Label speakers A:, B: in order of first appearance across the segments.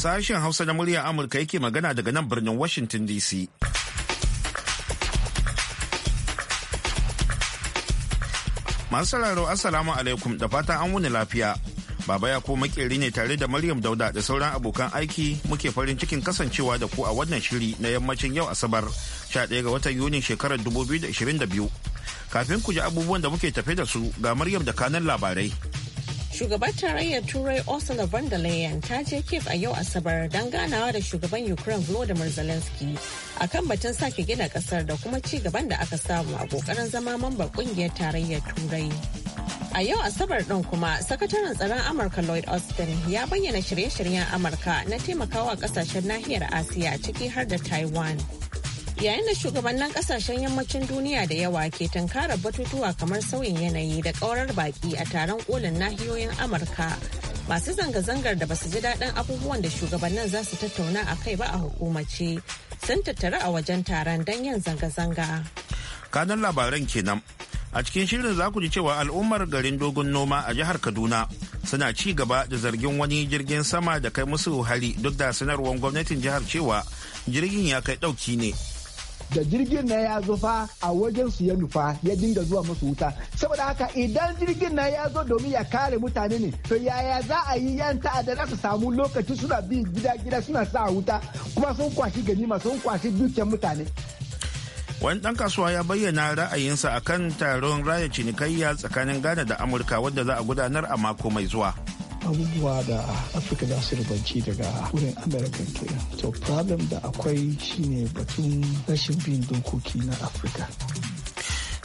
A: Sashen Hausa na muryar Amurka yake magana daga nan birnin Washington DC. Masu sauraro Assalamu alaikum da fatan an wuni lafiya. Baba ya ko makeri ne tare da Maryam Dauda da sauran abokan aiki muke farin cikin kasancewa da ku a wannan shiri na yammacin yau Asabar 11 ga watan Yuni shekarar 2022. Kafin ku ji abubuwan da muke tafe da su ga Maryam da kanan labarai.
B: Shugaban tarayyar Turai Ursula von der Leyen ta je Kiev a yau Asabar don ganawa da shugaban Ukraine Volodymyr Zelensky kan batun sake gina kasar da kuma ci gaban da aka samu a kokarin zama mambar kungiyar tarayyar Turai. A yau Asabar ɗin kuma, Sakataren Tsaron Amurka Lloyd Austin ya bayyana shirye-shiryen Amurka na taimakawa ƙasashen nahiyar Asiya ciki har da Taiwan. yayin da shugabannin kasashen yammacin duniya da yawa ke tunkarar batutuwa kamar sauyin yanayi da kaurar baki a taron kolin nahiyoyin amurka masu zanga-zangar da basu ji daɗin abubuwan da shugabannin za su tattauna a kai ba a hukumace sun tattara a wajen taron don yin zanga-zanga
A: kanun labaran kenan a cikin shirin za ku ji cewa al'ummar garin dogon noma a jihar kaduna suna ci gaba da zargin wani jirgin sama da kai musu hari duk da sanarwar gwamnatin jihar cewa jirgin ya kai ɗauki ne
C: da jirgin na ya zo fa a wajen su ya nufa ya dinga zuwa masu wuta saboda haka idan jirgin na ya zo domin ya kare mutane ne to yaya za a yi yan ta'adda za su samu lokaci suna bi gida gida suna sa wuta kuma sun kwashi ganima sun kwashi dukiyar mutane
A: wani ɗan kasuwa ya bayyana ra'ayinsa akan taron raya cinikayya tsakanin ghana da amurka wanda za a gudanar a mako mai zuwa
D: abubuwa da afirka za su rubanci daga wurin america kenan to problem da akwai shine batun rashin bin dokoki na afirka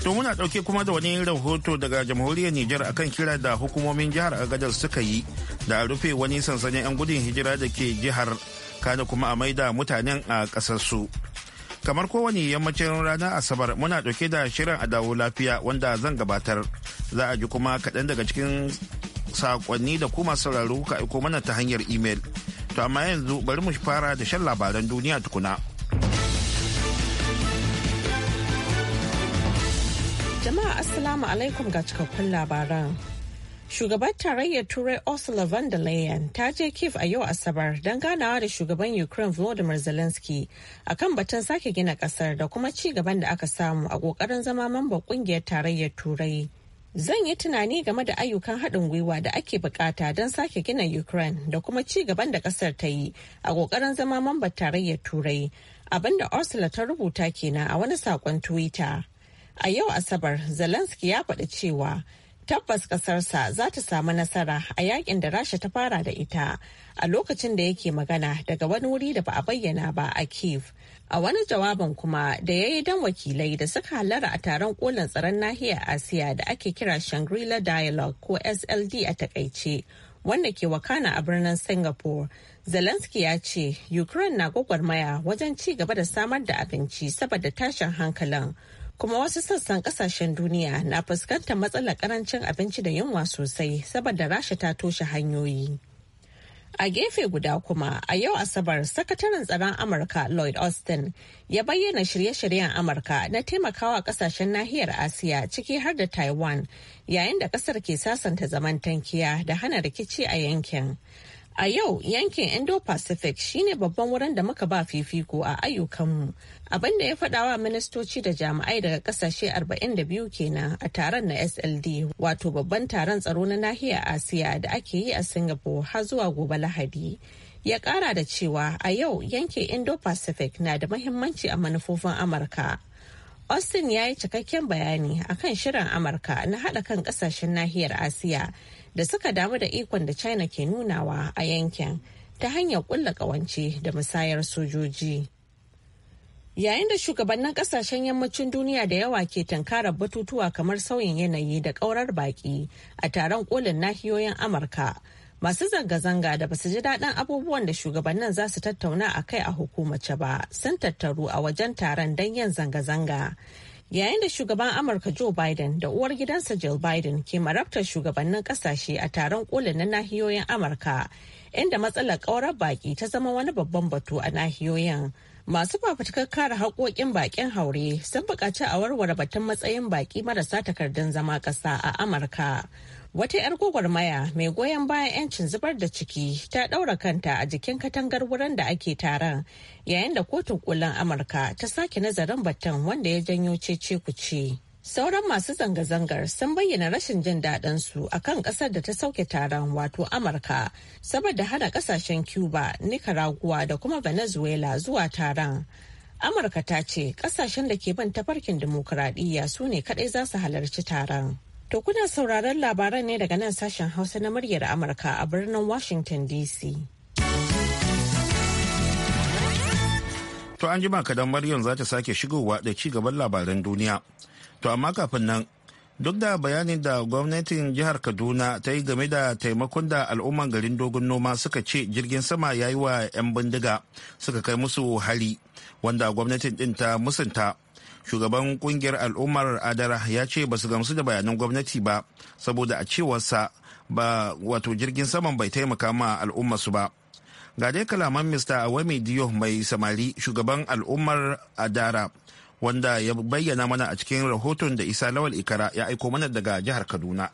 A: To muna dauke kuma da wani rahoto daga jamhuriyar Nijar akan kira da hukumomin jihar Agadar suka yi da a rufe wani sansanin 'yan gudun hijira da ke jihar kada kuma a maida mutanen a ƙasarsu. Kamar kowane yammacin rana Asabar muna dauke da shirin a dawo lafiya wanda zan gabatar. Za a ji kuma kaɗan daga cikin sakonni da kuma sauraro kuka aiko mana ta hanyar imel. To amma yanzu bari mu fara da shan labaran duniya tukuna.
B: Jama'a Assalamu alaikum ga cikakkun labaran. Shugabar tarayyar Turai Ursula von der Leyen ta je Kiev a yau Asabar don ganawa da shugaban Ukraine Volodymyr Zelensky a kan batun sake gina kasar da kuma ci gaban da aka samu a kokarin zama mamban kungiyar tarayyar Turai. Zan yi tunani game da ayyukan haɗin gwiwa da ake bukata don sake gina Ukraine da kuma ci gaban da ƙasar ta yi a ƙoƙarin zama mambar tarayyar Turai. Abinda Ursula ta rubuta kenan a wani saƙon Twitter. A yau Asabar, Zelensky ya faɗi cewa tabbas ƙasarsa za ta samu nasara a yakin da Rasha ta fara da ita a lokacin da yake magana daga wani wuri da ba a bayyana ba a Kiev. A wani jawabin kuma da ya yi don wakilai da suka halara a taron kolin tsaron nahiyar Asiya da ake kira Shangri-La Dialogue ko SLD a takaice, wanda ke wakana a birnin Singapore. Zelensky ya ce Ukraine na gwagwarmaya wajen ci gaba da samar da abinci saboda tashin hankalin. Kuma wasu sassan kasashen duniya na fuskantar matsalar karancin abinci da yunwa sosai saboda rasha ta toshe hanyoyi. A gefe guda kuma a yau Asabar sakataren tsaron Amurka Lloyd Austin ya bayyana shirye-shiryen Amurka na taimakawa kasashen nahiyar Asiya ciki har da Taiwan yayin da kasar ke sasanta zaman tankiya da hana rikici a yankin. A yau yankin Indo-Pacific shine babban wurin da muka ba fifiko a ayyukanmu. Abin da ya faɗawa ministoci da jami'ai daga ƙasashe 42 kenan a taron na SLD wato babban taron tsaro na nahiyar Asiya da ake yi a Singapore har zuwa gobe Lahadi. Ya ƙara da cewa a yau yankin Indo-Pacific na da mahimmanci a manufofin Amurka. Austin ya yi cikakken bayani akan shirin Amurka na haɗa kan ƙasashen nahiyar Asiya da suka damu da ikon da China ke nunawa a yankin ta hanyar ƙulla ƙawance da musayar sojoji. Yayin da shugabannin ƙasashen yammacin duniya da yawa ke tunkarar batutuwa kamar sauyin yanayi da ƙaurar baƙi a taron ƙolin nahiyoyin Amurka, Masu zanga-zanga da basu ji daɗin abubuwan da shugabannin za su tattauna a kai a hukumace ba sun tattaru a wajen taron don yin zanga-zanga. Yayin da shugaban Amurka Joe Biden da uwar gidansa Jill Biden ke marabtar shugabannin kasashe a taron kolin na nahiyoyin Amurka, inda matsalar ƙaurar baƙi ta zama wani babban batu a nahiyoyin. Masu fafutukar kare haƙoƙin baƙin haure sun buƙaci a warware batun matsayin baƙi marasa takardun zama ƙasa a Amurka. Wata 'yar gwagwarmaya mai goyon bayan 'yancin zubar da ciki ta ɗaura kanta a jikin katangar wurin da ake taron yayin da kotun kolin Amurka ta sake nazarin batun wanda ya janyo cece ce. Sauran masu zanga-zangar sun bayyana rashin jin daɗin su a kan ƙasar da ta sauke taron wato Amurka saboda hana ƙasashen Cuba, Nicaragua da kuma Venezuela zuwa taron. Amurka ta ce ƙasashen da ke bin tafarkin dimokuraɗiyya su ne kaɗai za su halarci taron. To kuna sauraron labaran ne daga nan sashen Hausa na muryar Amurka a birnin Washington DC.
A: To an jima kadan Maryam za ta sake shigowa da ci gaban labaran duniya. To amma kafin nan duk da bayanin da gwamnatin jihar Kaduna ta yi game da taimakon da al'umman garin dogon noma suka ce jirgin sama ya yi wa 'yan bindiga suka kai musu hari wanda gwamnatin ɗin ta musanta shugaban kungiyar al'ummar adara ya ce ba su gamsu da bayanan gwamnati ba saboda a cewarsa ba wato jirgin saman bai taimaka ma su ba ga dai kalaman mr awami diyo mai samari shugaban al'ummar adara wanda ya bayyana mana a cikin rahoton da isa lawal ikara ya aiko mana daga jihar kaduna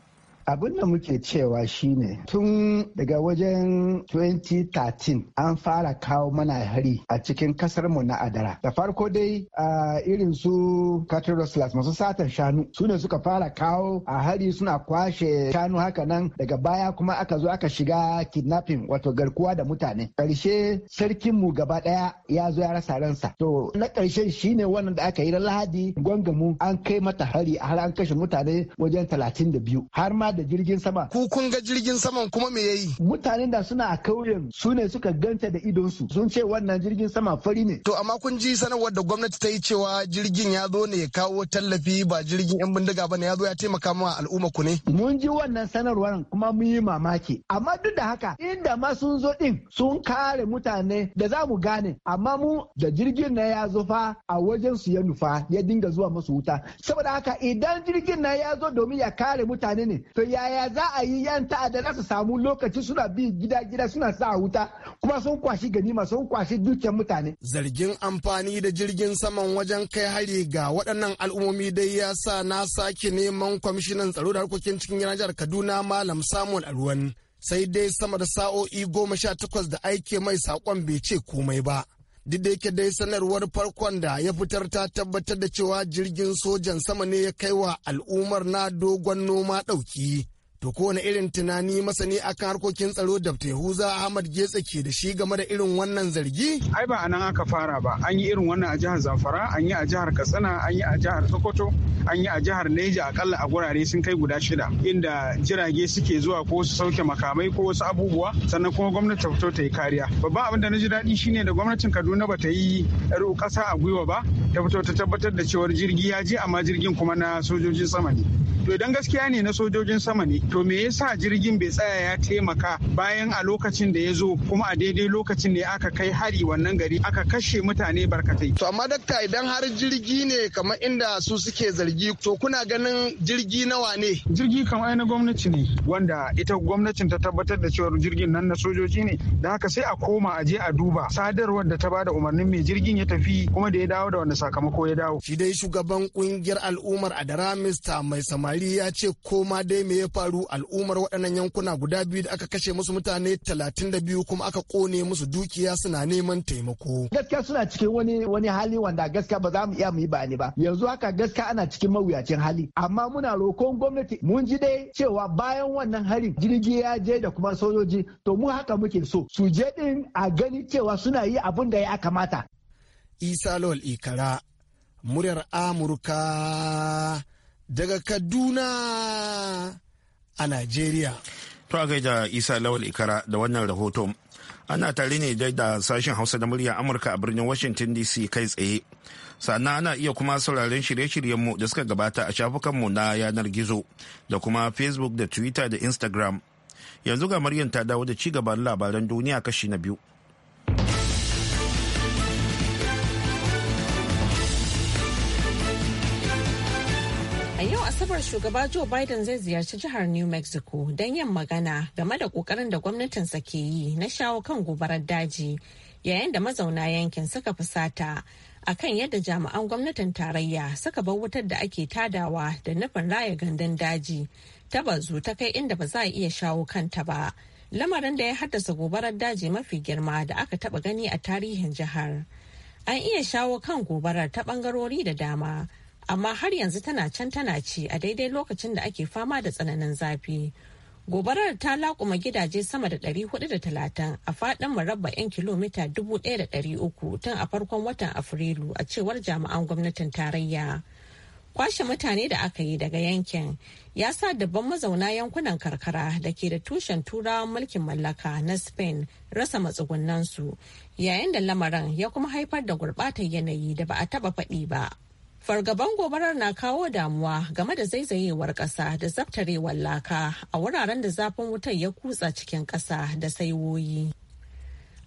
C: Abin da muke cewa shine tun daga wajen 2013 an fara kawo mana hari a cikin kasar mu na Adara. Da farko dai a irin su cattle masu satar shanu su ne suka fara kawo a hari suna kwashe shanu haka nan daga baya kuma aka zo aka shiga kidnapping wato garkuwa da mutane. Karshe sarkin mu gaba daya ya zo ya rasa ransa. To na karshen shine wannan da aka yi na Lahadi gwangamu an kai mata hari har an kashe mutane wajen 32 har ma da jirgin sama. Ku kun ga jirgin
E: saman kuma me
C: yi. Mutanen da suna a kauyen su ne suka ganta da idonsu sun ce wannan jirgin sama fari ne. To amma kun
E: ji sanarwar da gwamnati ta yi cewa jirgin ya zo ne ya kawo tallafi ba jirgin 'yan bindiga ba ne ya zo ya taimaka ma al'umma ku ne. Mun ji wannan
C: sanarwar kuma mun yi mamaki. Amma duk da haka inda ma sun zo din sun kare mutane da za mu gane amma mu da jirgin na ya zo fa a wajen su ya nufa ya dinga zuwa masu wuta. Saboda haka idan jirgin na ya zo domin ya kare mutane ne to yaya za a yi yan ta'adda za su samu lokaci suna bi gida gida suna sa wuta kuma sun kwashi ganima sun kwashi dukiyar mutane
E: zargin amfani da jirgin saman wajen kai hari ga waɗannan al'ummomi dai ya sa na sake neman kwamishinan tsaro da harkokin cikin gidan jihar kaduna malam samuel alwan sai dai sama da sa'o'i goma sha takwas da aike mai saƙon bai ce komai ba duk da yake dai sanarwar farkon da ya fitar ta tabbatar da cewa jirgin sojan sama ne ya kai wa al'ummar na dogon noma ɗauki To kowane irin tunani masani akan harkokin tsaro da Yahuza Ahmad Getsa ke da shi game da irin
D: wannan zargi? Ai ba anan aka fara ba. An yi irin wannan a jihar Zamfara, an yi a jihar Katsina, an yi a jihar Sokoto, an yi a jihar Neja akalla a gurare sun kai guda shida inda jirage suke zuwa ko su sauke makamai ko wasu abubuwa sannan kuma gwamnati ta fito ta yi kariya. Babban abin da na ji daɗi shine da gwamnatin Kaduna ba ta yi ƙasa a gwiwa ba ta fito ta tabbatar da cewar jirgi ya je amma jirgin kuma na sojojin sama ne. to idan gaskiya ne na sojojin sama ne to me yasa jirgin bai tsaya ya taimaka bayan a lokacin da ya zo kuma a daidai lokacin ne aka kai hari wannan gari aka kashe mutane barkatai to amma dakta idan har jirgi ne kamar inda su suke zargi to kuna ganin jirgi nawa ne jirgi kamar na gwamnati ne wanda ita gwamnatin ta tabbatar da cewa jirgin nan na sojoji ne da haka sai a koma a je a duba sadarwar da ta bada umarnin mai jirgin ya tafi kuma da ya dawo da wani sakamako ya dawo shi dai
E: shugaban kungiyar al'ummar adara Mr. mai samari gari ya ce ko ma dai me ya faru al'ummar waɗannan yankuna guda biyu da aka kashe musu mutane talatin da biyu kuma aka kone musu dukiya
C: suna neman taimako. Gaskiya suna cikin wani wani hali wanda gaskiya ba za mu iya mu yi bayani ba. Yanzu haka gaskiya ana cikin mawuyacin hali amma muna rokon gwamnati mun ji dai cewa bayan wannan hari jirgi ya je da kuma sojoji to mu haka muke so su je din a gani cewa suna yi abin da ya kamata.
E: Isa Lawal Ikara muryar Amurka daga Kaduna a
A: Najeriya. To a gaida Isa Lawal Ikara da wannan rahoton. Ana tare ne dai da sashen Hausa da murya Amurka a birnin Washington DC kai tsaye. Sannan ana iya kuma sauraren shirye-shiryenmu da suka gabata a shafukanmu na yanar gizo da kuma Facebook da Twitter da Instagram. Yanzu ga Maryam ta dawo da ci gaban labaran duniya kashi na biyu.
B: A yau Asabar shugaba Joe Biden zai ziyarci jihar New Mexico don yin magana game da kokarin da gwamnatinsa ke yi na shawo kan gobarar daji yayin da mazauna yankin suka fusata a kan yadda jami'an gwamnatin tarayya suka bar wutar da ake tadawa da nufin raya gandun daji ta bazu ta kai inda ba za a iya shawo kanta ba. Lamarin da ya haddasa gobarar daji mafi girma da aka taba gani a tarihin jihar. An iya shawo kan gobarar ta bangarori da dama. amma har yanzu tana can tana ci a daidai lokacin da ake fama da tsananin zafi. Gobarar ta laƙuma gidaje sama da 430 a faɗin marabba'in kilomita 1,300 tun a farkon watan Afrilu a cewar jami'an gwamnatin tarayya. Kwashe mutane da aka yi daga yankin ya sa dabban mazauna yankunan karkara da ke da tushen turawan mulkin mallaka na Spain rasa matsugunansu yayin da lamarin ya kuma haifar da gurɓatar yanayi da ba a taɓa faɗi ba Fargaban gobarar na kawo damuwa game da zaizayewar ƙasa da zaftarewar laka a wuraren da zafin wutar ya kutsa cikin ƙasa da saiwoyi.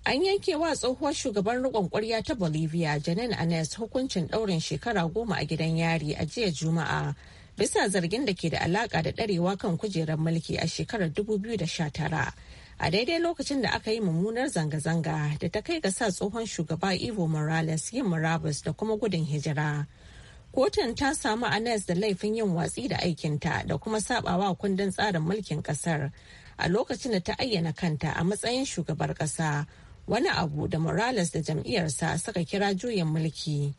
B: An yanke wa tsohuwar shugaban riƙon ƙwarya ta Bolivia Janet Anes hukuncin ɗaurin shekara goma a gidan yari a jiya Juma'a bisa zargin da ke da alaƙa da ɗarewa kan kujerar mulki a shekarar 2019. a daidai lokacin da aka yi mummunar zanga-zanga da ta kai ga sa tsohon shugaba Evo Morales yin murabus da kuma gudun hijira. kotun ta samu anes da laifin yin watsi da aikinta da kuma sabawa kundin tsarin mulkin kasar a lokacin da ta ayyana kanta a matsayin shugabar kasa wani abu da morales da jam'iyyarsa suka kira juyin mulki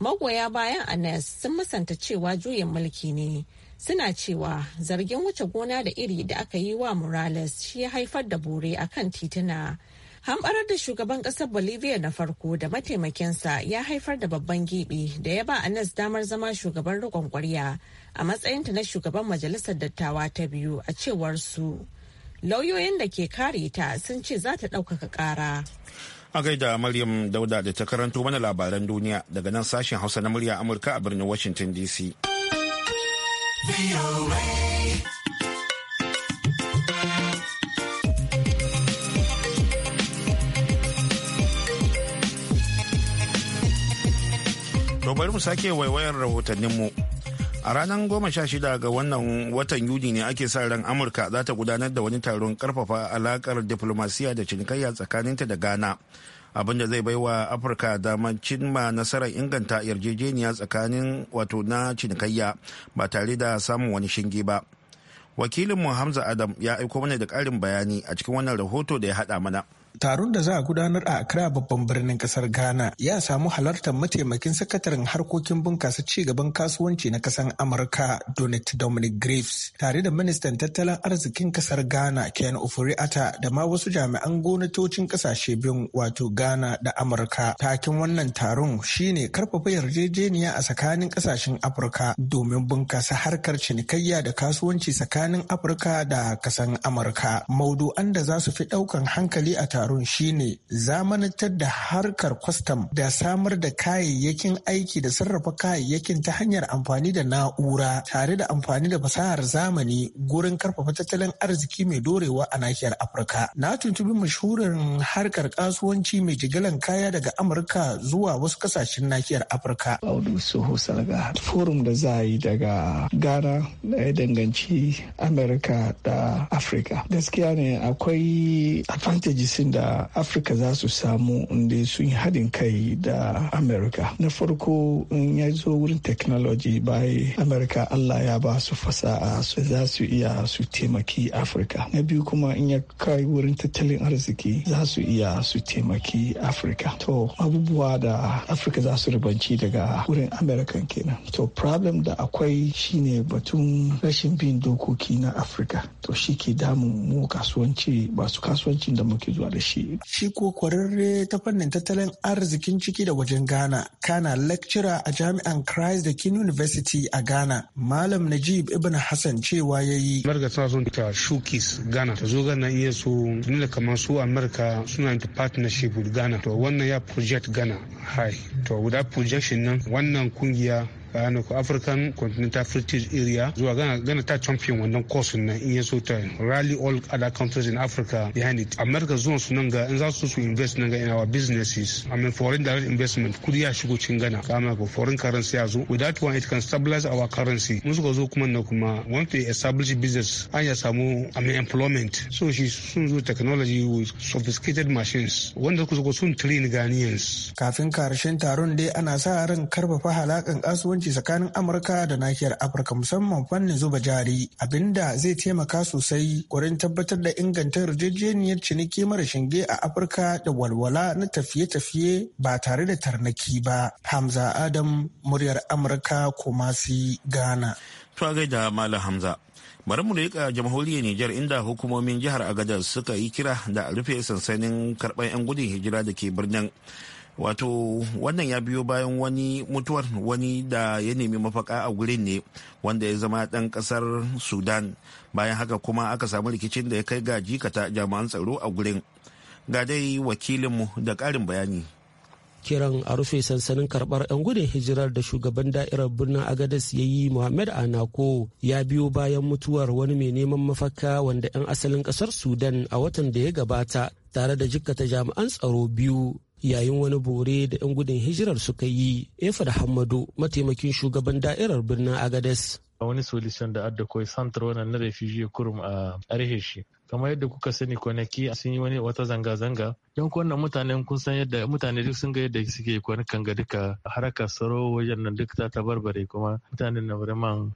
B: magoya bayan anes sun musanta cewa juyin mulki ne suna cewa zargin wuce gona da iri da aka yi wa morales shi ya haifar da bore akan kan tituna Hamɓarar da shugaban ƙasar Bolivia na farko da mataimakinsa ya haifar da babban gibi da ya ba Anas damar zama shugaban riƙon ƙwarya a matsayinta na shugaban majalisar dattawa ta biyu a cewar su. Lauyoyin da ke kare ta sun ce za ta ɗaukaka ƙara.
A: A gaida Maryam Dauda da ta karanto mana labaran duniya daga nan sashen Hausa na murya Amurka a birnin Washington DC. To bari mu sake waiwayar rahotanninmu. A ranar goma sha shida ga wannan watan Yuni ne ake sa ran Amurka za ta gudanar da wani taron karfafa alakar diplomasiya da cinikayya tsakaninta da Ghana. abin da zai baiwa afirka damar cimma nasarar inganta yarjejeniya tsakanin wato na cinikayya ba tare da samun wani shinge ba wakilinmu hamza adam ya aiko mana da ƙarin bayani a cikin wannan rahoto da ya haɗa mana taron da za a gudanar a
D: Accra babban birnin kasar Ghana ya samu halartar mataimakin sakataren harkokin bunkasa ci gaban kasuwanci na kasan Amurka Donald Dominic Graves tare da ministan tattalin arzikin kasar Ghana Ken Ofori-Atta da ma wasu jami'an gwamnatocin kasashe biyun wato Ghana da Amurka. Takin wannan taron shine karfafa yarjejeniya a tsakanin kasashen Afirka domin bunkasa harkar cinikayya da kasuwanci tsakanin Afirka da kasan Amurka. Maudu'an da za su fi daukan hankali a taron dabarun shine zamanantar da harkar kwastam da samar da kayayyakin aiki da sarrafa kayayyakin ta hanyar amfani da na'ura tare da amfani da fasahar zamani gurin karfafa tattalin arziki mai dorewa a nahiyar afirka na tuntubi mashurin harkar kasuwanci mai jigilan kaya daga amurka zuwa wasu kasashen nahiyar afirka forum da za yi daga ghana da ya danganci amurka da afirka gaskiya ne akwai advantages da afirka za su samu inda sun yi haɗin kai da amerika na farko in ya zo wurin technology bai amerika allah ya ba su fasa'a su za su iya su taimaki afirka na biyu kuma in ya kai wurin tattalin arziki za su iya su taimaki afirka to abubuwa da afirka za su ribanci daga wurin amerika kenan to problem da akwai shine batun rashin bin dokoki na afirka to shi ke damun mu kasuwanci ba su kasuwancin da muke zuwa da shi. Shi ko kwararre ta fannin tattalin arzikin ciki da wajen Ghana, kana lecturer a jami'an Christ da King University a Ghana, Malam Najib
F: Ibn Hassan cewa ya yi. Amurka tana son ta shukis Ghana, ta zo Ghana iya so tuni da kamar su Amurka suna da partnership with Ghana, to wannan ya project Ghana hai. To guda projection nan wannan kungiya ko african continental free area zuwa gana ta champion wannan course nan in ya so ta rally all other countries in africa behind it america zuwan su nan ga in za su su invest nan ga in our businesses i mean foreign direct investment kudi ya shigo cikin gana kama ko foreign currency ya zo without one it can stabilize our currency mun suka zo kuma na kuma want to establish business an ya samu i mean employment so shi sun zo technology with sophisticated machines wanda suka zo sun
D: train ghanaians kafin karshen taron dai ana sa ran karfafa halakan kasuwanci kasuwanci tsakanin Amurka da nahiyar Afirka musamman fannin zuba jari abinda zai taimaka sosai wurin tabbatar da inganta yarjejeniyar ciniki mara shinge a Afirka da walwala na tafiye-tafiye ba tare da tarnaki ba. Hamza Adam muryar Amurka Kumasi Ghana.
A: bari mu riƙa jamhuriyar Nijar inda hukumomin jihar Agadez suka yi kira da rufe sansanin karɓar 'yan gudun hijira da ke birnin wato wannan ya biyo bayan wani mutuwar wani da ya nemi mafaka a gurin ne wanda ya zama ɗan ƙasar sudan bayan haka kuma aka samu rikicin da ya kai ga jikata jami'an tsaro a gurin ga dai wakilinmu da karin bayani
G: kiran a rufe sansanin karbar 'yan gudun hijirar da shugaban da'irar birnin agadas ya yi muhammad anako ya biyo bayan mutuwar wani mai neman mafaka wanda 'yan asalin kasar sudan a watan da ya gabata tare da jikkata jami'an tsaro biyu yayin wani bore da 'yan gudun hijirar suka yi da hamadu mataimakin shugaban da'irar birnin agades
D: wani solution da adda koi santar wannan na refugee kurum a arhe shi kamar yadda kuka sani kwanaki sun yi wani wata zanga-zanga don wannan mutanen kun san yadda mutane duk sun ga yadda suke kwanakan ga duka haraka tsaro wajen nan duk ta tabarbare kuma mutanen na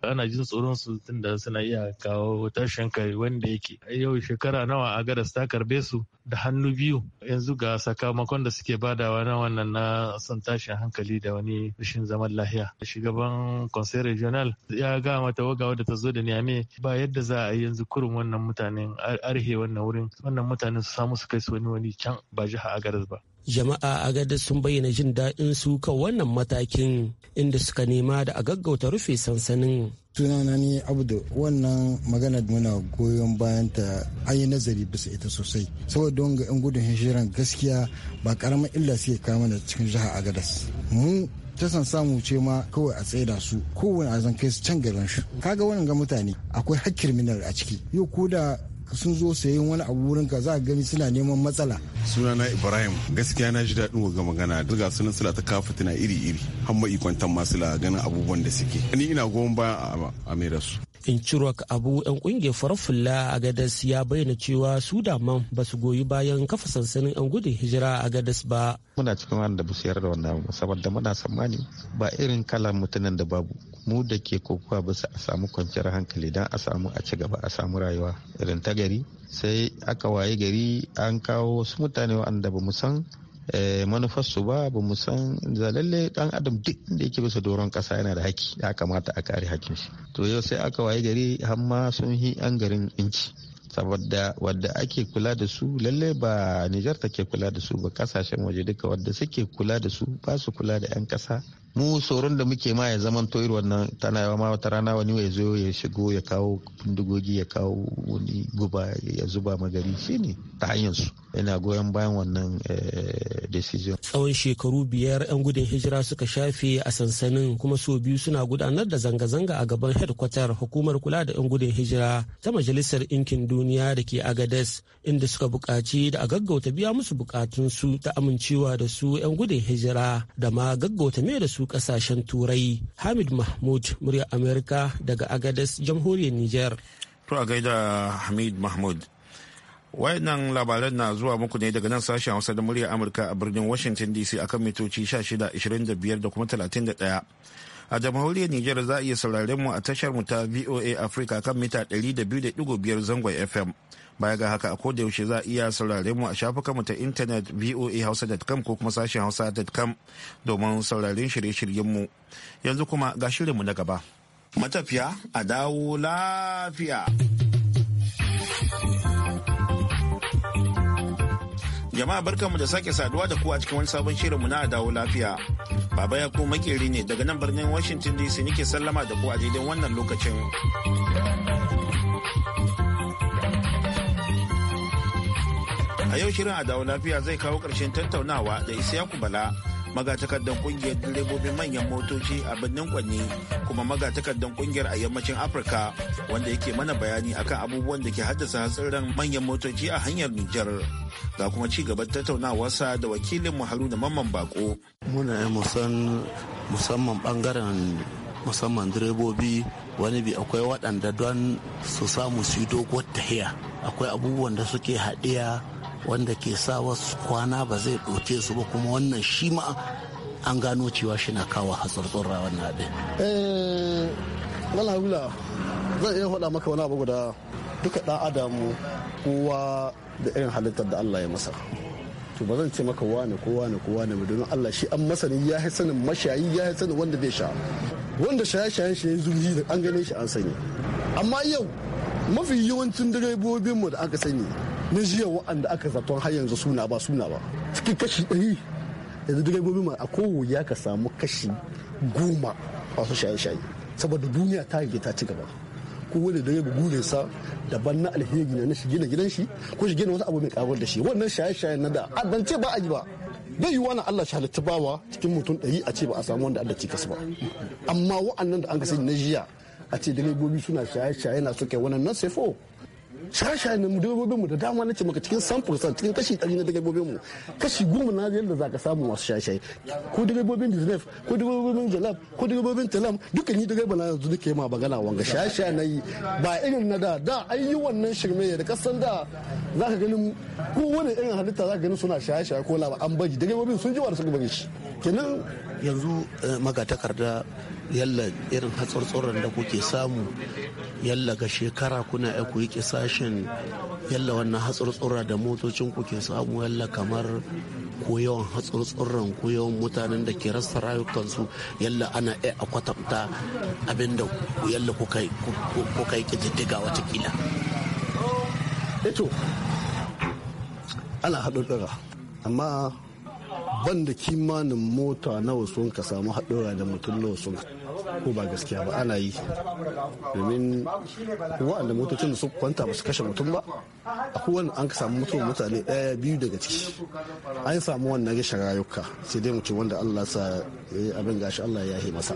D: ana jin tsoron su tunda suna iya kawo tashin kai wanda yake yau shekara nawa a su ta karbe su da hannu biyu yanzu ga sakamakon da suke badawa na wannan na son tashin hankali da wani rashin zaman lahiya shugaban conseil regional ya ga mata waga wadda ta zo da niame ba yadda za a yi yanzu kurum wannan mutanen arhe wannan wurin wannan mutane su samu su kai su wani wani can ba jiha agadas ba
G: jama'a agadar sun bayyana jin daɗin su kan wannan matakin inda suka nema da a gaggauta rufe sansanin
F: tunana ni abdu wannan magana muna goyon bayan ta an yi nazari bisa ita sosai saboda don ga 'yan gudun hijiran gaskiya ba karamin illa suke kama mana cikin jiha agadas mu ta san samu ce ma kawai a da su kowane a zan kai su can garin shi kaga wannan ga mutane akwai hakkin minar a ciki yau ko da sun zo sayan wani abu wurin ka za gani suna neman matsala sunana ibrahim gaskiya na ji daɗin ga magana daga sunan sula ta kafa tana iri iri hamma ikwantan masu ganin abubuwan da suke ni ina goma bayan a mai rasu
G: in Inchirok Abu 'yan kungiyar farafula a Gadas ya bayyana cewa su daman ba su goyi bayan kafa sansanin 'yan gudun hijira a Gadas ba.
H: Muna cikin wani da su da wannan saboda muna tsammani ba irin kalan mutanen da babu mu da ke kokowa ba a samu kwanciyar hankali dan a samu a ci gaba a samu rayuwa irin ta gari sai aka waye gari an kawo wasu mutane wanda ba mu san Eh, manufarsu ba ba mu san zalalle dan adam duk inda yake bisa doron kasa yana da haki ya kamata a kare hakin shi to yau sai aka waye gari hamma sun yi an garin inci saboda wadda ake kula da su lalle ba Nijar take kula da su ba kasashen waje duka wadda suke kula da su ba su kula da 'yan kasa mu tsoron da muke ma ya zaman toyir wannan tana yawa ma wata rana wani ya zo ya shigo ya kawo bindigogi ya kawo wani guba ya zuba magari ne ta hanyar su yana goyon bayan wannan eh, decision
G: tsawon shekaru biyar yan gudun hijira suka shafe a sansanin kuma so biyu suna gudanar da zanga-zanga a gaban headquarter hukumar kula da yan gudun hijira ta majalisar ɗinkin duniya da ke agadas inda suka buƙaci da a gaggauta biya musu buƙatunsu ta amincewa da su yan gudun hijira da ma gaggauta mai da su wasu kasashen turai hamid mahmud murya amerika daga agadas jamhuriyar
A: niger to a gaida hamid mahmud wayannan labaran na zuwa muku ne daga nan sashen hausa da murya amurka a birnin washington dc akan mitoci 16 25 da kuma 31 A jamhuriyar niger za a iya sauraren mu a tashar mu ta VOA Africa kan mita 200.5 zangon FM. Baya ga haka a koda yaushe za a iya sauraren mu a shafukan mu ta intanet voa hausa.com ko kuma sashen hausa.com domin sauraren shirye-shiryen mu. Yanzu kuma ga shirin mu na gaba. Matafiya a dawo lafiya. Jama'a barkanmu da sake saduwa da ku a cikin wani sabon shirinmu na dawo lafiya. Baba ya ku makeri ne daga nan birnin Washington DC nake sallama da ku a daidai wannan lokacin. A yau shirin a dawo lafiya zai kawo ƙarshen tattaunawa da isa Bala magatakardan kungiyar direbobin manyan motoci a birnin kwanne kuma magatakardan kungiyar a yammacin afirka wanda yake mana bayani akan abubuwan da ke haddasa hatsarin manyan motoci a hanyar nijar ga kuma ci gaban tattaunawarsa da wakilin mu haruna mamman bako
F: muna musamman bangaren musamman direbobi wani bi akwai waɗanda don su samu su yi doguwar tahiya akwai abubuwan da suke haɗiya wanda ke sa wasu kwana ba zai ɗauke su ba kuma wannan shi ma an gano cewa shi na kawo hatsartsura wannan abin. Eh, Lala Hula zan iya faɗa maka wani abu guda duka ɗan adam kowa da irin halittar da Allah ya masa. to ba zan ce maka wane kowa ne kowa ne ba domin Allah shi an masani ya yi sanin mashayi ya yi sanin wanda bai sha wanda shaye-shayen shi ya zurfi da an gane shi an sanya. amma yau mafi yawancin direbobinmu da aka sanya na jiya wa'anda aka zaton har yanzu suna ba suna ba cikin kashi ɗari yanzu direbobi ma a kowo ya ka samu kashi goma masu shaye-shaye saboda duniya ta rige ta ci gaba ko wani da ya sa daban na alheri na shi gina gidan shi ko shi gina wasu abu mai karuwar da shi wannan shaye shaye na da ban ba a yi ba bai yiwuwa na Allah shalitta bawa cikin mutum ɗari a ce ba a samu wanda Allah cikas ba amma wa'annan da an ka sani na jiya a ce direbobi suna shaye-shaye na suke wannan na sefo shasha ne mu dabbobin mu da dama ce maka cikin 100% cikin kashi 100 na dabbobin mu kashi 10 na yadda zaka samu masu shasha ko dabbobin disnef ko dabbobin jalab ko dabbobin talam dukkan ni dabbobin na yanzu nake ma bagana wanga shasha na yi ba irin na da da an yi wannan shirme da kasan da zaka ganin ko wani irin halitta zaka ganin suna shasha ko laba an baji dabbobin sun ji wa da suka bari shi kenan yanzu eh, magatakarda yalla irin hatsurtsuran da kuke samu yalla ga shekara kuna ya ku yi kisashen yalla wannan hatsurtsura da motocin kuke samu yalla kamar ko yawan hatsurtsuran ko yawan mutanen da ke rasa rayukansu yalla ana a kwatanta abinda yalla kuka yi kididdiga watakila. Eto, eh ana haɗuɗɗura amma ban da kimanin mota nawa sun ka samu haɗura da mutum nawa sun ka ko ba gaskiya ba ana yi domin wa'anda motocin da su kwanta ba su kashe mutum ba a kowane an ka samu mutuwar mutane daya biyu daga ciki an samu wannan rashin rayuka sai dai mu wanda Allah sa abin gashi Allah ya yi masa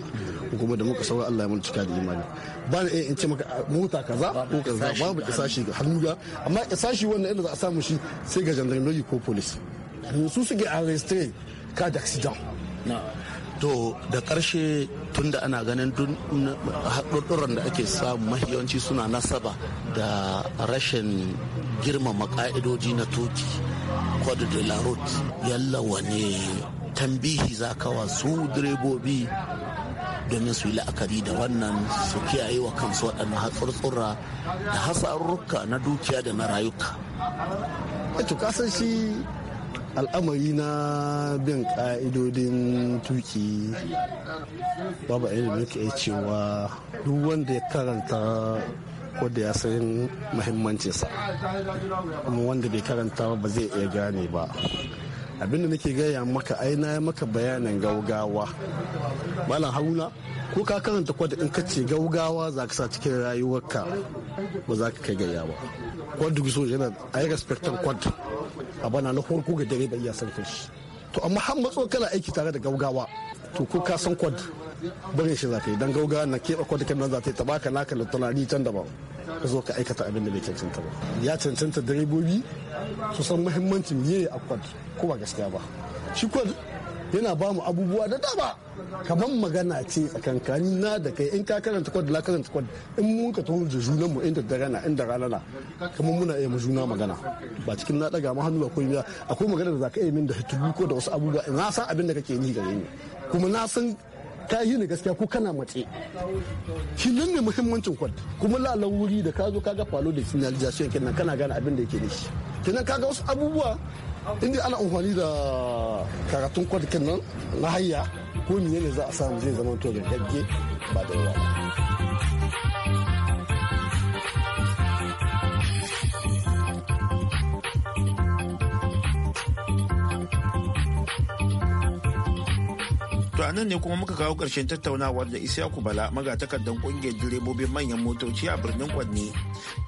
F: kuma da muka saura Allah ya mun cika da imani ba na in ce maka mota kaza ko kaza babu isashi ga hannu ga amma isashi wannan inda za a samu shi sai ga jandarmeri ko police su suke arrestre ka d'accident to da karshe da ana ganin haɗuɗɗuran da ake samu mahiyawanci suna nasaba da rashin girmama ƙa'idoji na toki kwadu de la route yalla wane tambihi za kawa su direbobi domin su yi la'akari da wannan su kiyaye wa kansu waɗannan hatsurtsura da hasarurruka na dukiya da na rayuka. Eto eh, kasan shi al'amari na bin ka'idodin tuki babu ainihin muke cewa duk wanda ya karanta ko da ya san muhimmancinsa kuma wanda bai karanta ba zai iya gane ba abinda nake gaya maka aina ya maka bayanin gaugawa malam haruna ko ka karanta kwada in ka ce gaugawa za ka sa cikin rayuwarka ba za ka kai gaya ba kwadda so yana a yi respectar kwadda a bana na farko ga dare bai iya san shi to amma har matso kana aiki tare da gaugawa to ko ka san kwad bari shi za ka yi don gaugawa na keɓe kwadda kan nan za ta yi ta baka naka da tunani can ba ka zo ka aikata abin da bai cancanta ba ya cancanta direbobi su san muhimmancin me a kwad ko ba gaskiya ba shi kwad yana ba mu abubuwa da dama kamar magana ce tsakankani na da kai in ka karanta kwad la karanta kwad in mun ka taho da junan mu inda da na inda rana kamar muna iya mu juna magana ba cikin na daga ma hannu akwai akwai magana da zaka iya min da hitubu ko da wasu abubuwa na san abin da kake ni gare ni kuma na san ka yi ni gaskiya ko kana matse shi nan ne muhimmancin kwad kuma lalan wuri da ka zo ka ga falo da signalization kenan kana gane abin da yake shi kenan ka ga wasu abubuwa inda ana amfani da karatun kwadikin nan na hayya ko ne za a samu zai zama to da gagge ba da yawa
A: To a nan ne kuma muka kawo ƙarshen tattaunawar da Isiyaku Bala magatakardan ƙungiyar direbobin manyan motoci a birnin kwanne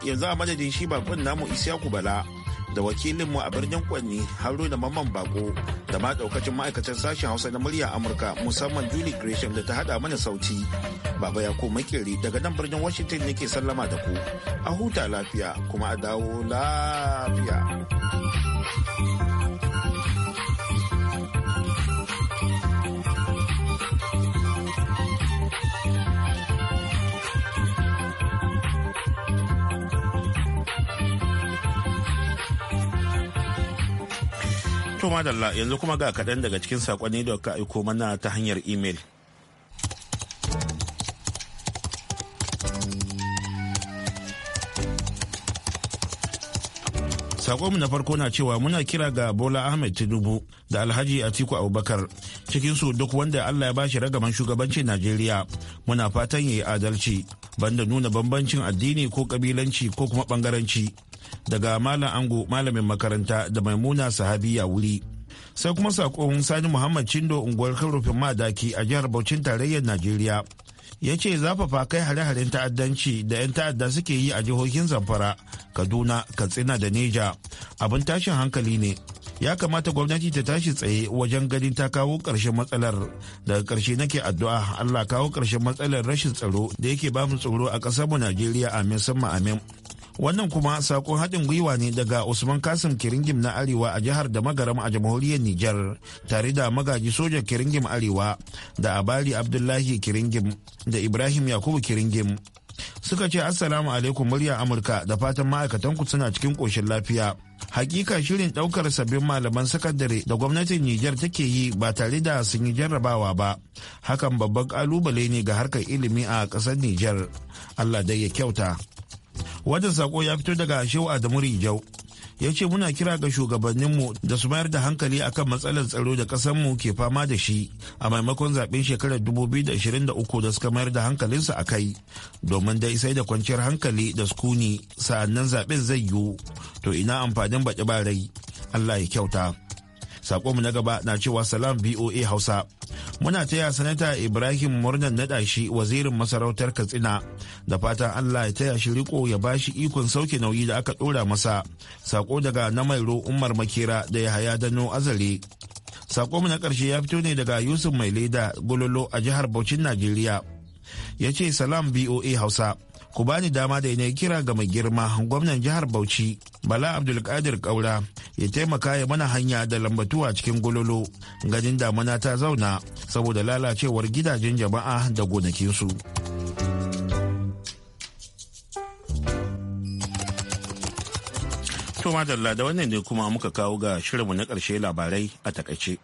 A: Yanzu a madadin shi bakon namu Isiyaku Bala da wakilin mu a birnin Kwanni Haruna Mamman Bako da ma daukacin ma'aikacin sashen Hausa na murya Amurka musamman Julie Gresham da ta hada mana sauti. Baba ya makeri daga nan birnin Washington yake sallama da ku. A huta lafiya kuma a dawo lafiya. da yanzu kuma ga kaɗan daga cikin saƙonni da ka aiko mana ta hanyar imel. sakonmu na farko na cewa muna kira ga bola ahmed tinubu da alhaji atiku abubakar cikin su duk wanda allah ya bashi ragaman shugabancin najeriya muna fatan ya yi adalci banda nuna bambancin addini ko kabilanci ko kuma bangaranci daga malam ango malamin makaranta da maimuna sahabiya wuri sai kuma sakon sani muhammad cindo unguwar rufin madaki a jihar Bauchin tarayyar najeriya ya ce zafafa kai hare-haren ta'addanci da 'yan ta'adda suke yi a jihohin zamfara kaduna katsina da neja abin tashin hankali ne ya kamata gwamnati ta tashi tsaye wajen ganin ta kawo ƙarshen matsalar daga ƙarshe nake addu'a allah kawo ƙarshen matsalar rashin tsaro da yake bamu tsoro a ƙasarmu najeriya amin sama amin wannan kuma sakon haɗin gwiwa ne daga usman kasim kiringim na arewa a jihar da magaram a jamhuriyar nijar tare da magaji sojan kiringim arewa da abali abdullahi kiringim da ibrahim yakubu kiringim suka ce assalamu alaikum murya amurka da fatan ma'aikatanku suna cikin koshin lafiya hakika shirin ɗaukar sabbin malaman sakandare da gwamnatin niger take yi ba tare da sun yi jarrabawa ba hakan babban ƙalubale ne ga harkar ilimi a ƙasar niger allah dai ya kyauta Wata sako ya fito daga Shehu Adamu Rijau. Ya ce muna kira ga shugabanninmu da su mayar da hankali akan matsalar tsaro da ƙasarmu ke fama da shi a maimakon zaɓen shekarar 2023 da suka mayar da hankalinsu a kai. Domin dai sai da kwanciyar hankali da sukuni sa'annan zaɓen zai yiwu. To ina amfanin baƙi barai. Allah ya kyauta. mu na gaba na cewa salam BOA Hausa. Muna taya sanata Ibrahim Murnan naɗa shi wazirin masarautar Katsina da fatan Allah ya taya shi riko ya ba shi ikon sauke nauyi da aka ɗora masa. Sako daga na Mairo Umar Makera da Yahaya Dano Azare. Sakonmu na ƙarshe ya fito ne daga Yusuf Mai Leda Gololo a jihar Bauchin Najeriya. Ya ce salam BOA Hausa. ku bani dama da yanayi kira ga mai girma gwamnan jihar bauchi bala abdulkadir kaura ya taimaka ya mana hanya da lambatuwa cikin gololo ganin damana ta zauna saboda lalacewar gidajen jama'a da gonakinsu to madalla da wannan ne kuma muka kawo ga shirinmu na ƙarshe labarai a takaice.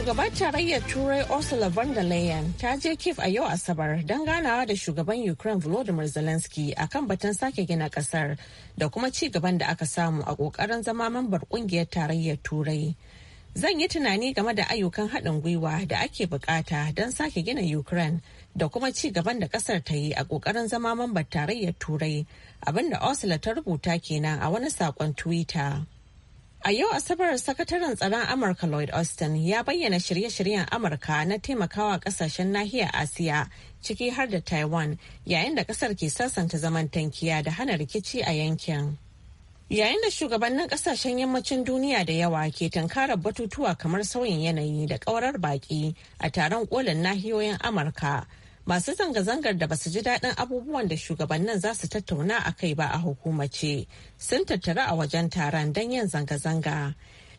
B: Shugaban tarayyar Turai Ursula von der Leyen ta je Kiev a yau Asabar don ganawa da shugaban Ukraine Volodymyr Zelensky a kan batun sake gina kasar da kuma ci gaban da aka samu a kokarin zama mambar kungiyar tarayyar Turai. Zan yi tunani game da ayyukan haɗin gwiwa da ake bukata don sake gina Ukraine da kuma ci gaban da kasar ta yi a kokarin zama mambar tarayyar Turai abinda Ursula ta rubuta kenan a wani saƙon Twitter. A yau Asabar sakataren tsaron Amurka Lloyd Austin ya bayyana shirye-shiryen Amurka na taimakawa kasashen nahiyar Asiya ciki har da Taiwan yayin da kasar ke sasanta zaman tankiya da hana rikici a yankin. Yayin da shugabannin kasashen yammacin duniya da yawa ke tunkarar batutuwa kamar sauyin yanayi da kaurar baki a taron kolin nahiyoyin Amurka. masu zanga-zangar da basu ji daɗin abubuwan da shugabannin za su tattauna a kai ba a hukumace sun tattara a wajen taron don yin zanga-zanga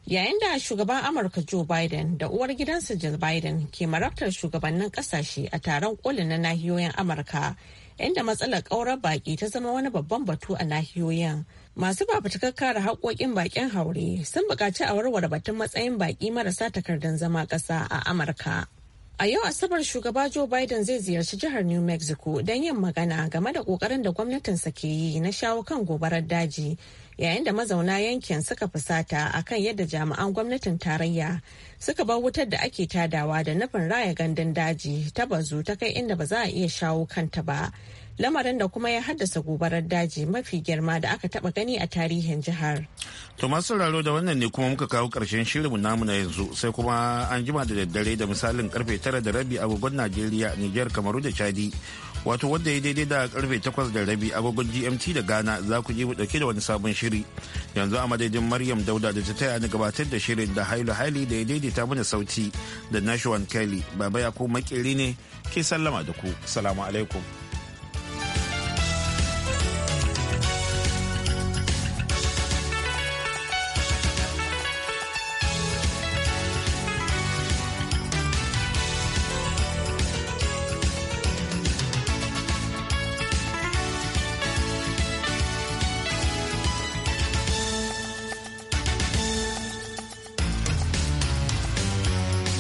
B: yayin da shugaban amurka joe biden da uwar gidansa jill biden ke marabtar shugabannin kasashe a taron koli na nahiyoyin amurka inda matsalar ƙaurar baƙi ta zama wani babban batu a nahiyoyin masu fafutukar kare haƙoƙin baƙin haure sun buƙaci a warware batun matsayin baƙi marasa takardun zama ƙasa a amurka A yau Asabar shugaba Joe Biden zai ziyarci jihar New Mexico don yin magana game da ƙoƙarin da gwamnatinsa ke yi na shawo kan gobarar daji yayin da mazauna yankin suka fusata akan yadda jami'an gwamnatin tarayya suka bar wutar da ake tadawa da nufin raya gandun daji ta bazu ta kai inda ba za a iya shawo kanta ba lamarin da kuma ya haddasa gobarar daji mafi girma da aka taba gani a tarihin jihar.
A: To masu raro da wannan ne kuma muka kawo karshen shirin namu na yanzu sai kuma an jima da daddare da misalin karfe tara da rabi agogon Najeriya, niger Kamaru da Chadi. wato wanda ya daidai da karfe 8 da rabi agogon gmt da ghana za ku ji dauke da wani sabon shiri yanzu a madadin maryam dauda da ta taya ni gabatar da shirin da hailu haili da ya daidaita mana sauti da nashuwan kelly baba ya ko makeri ne ke sallama da ku salamu alaikum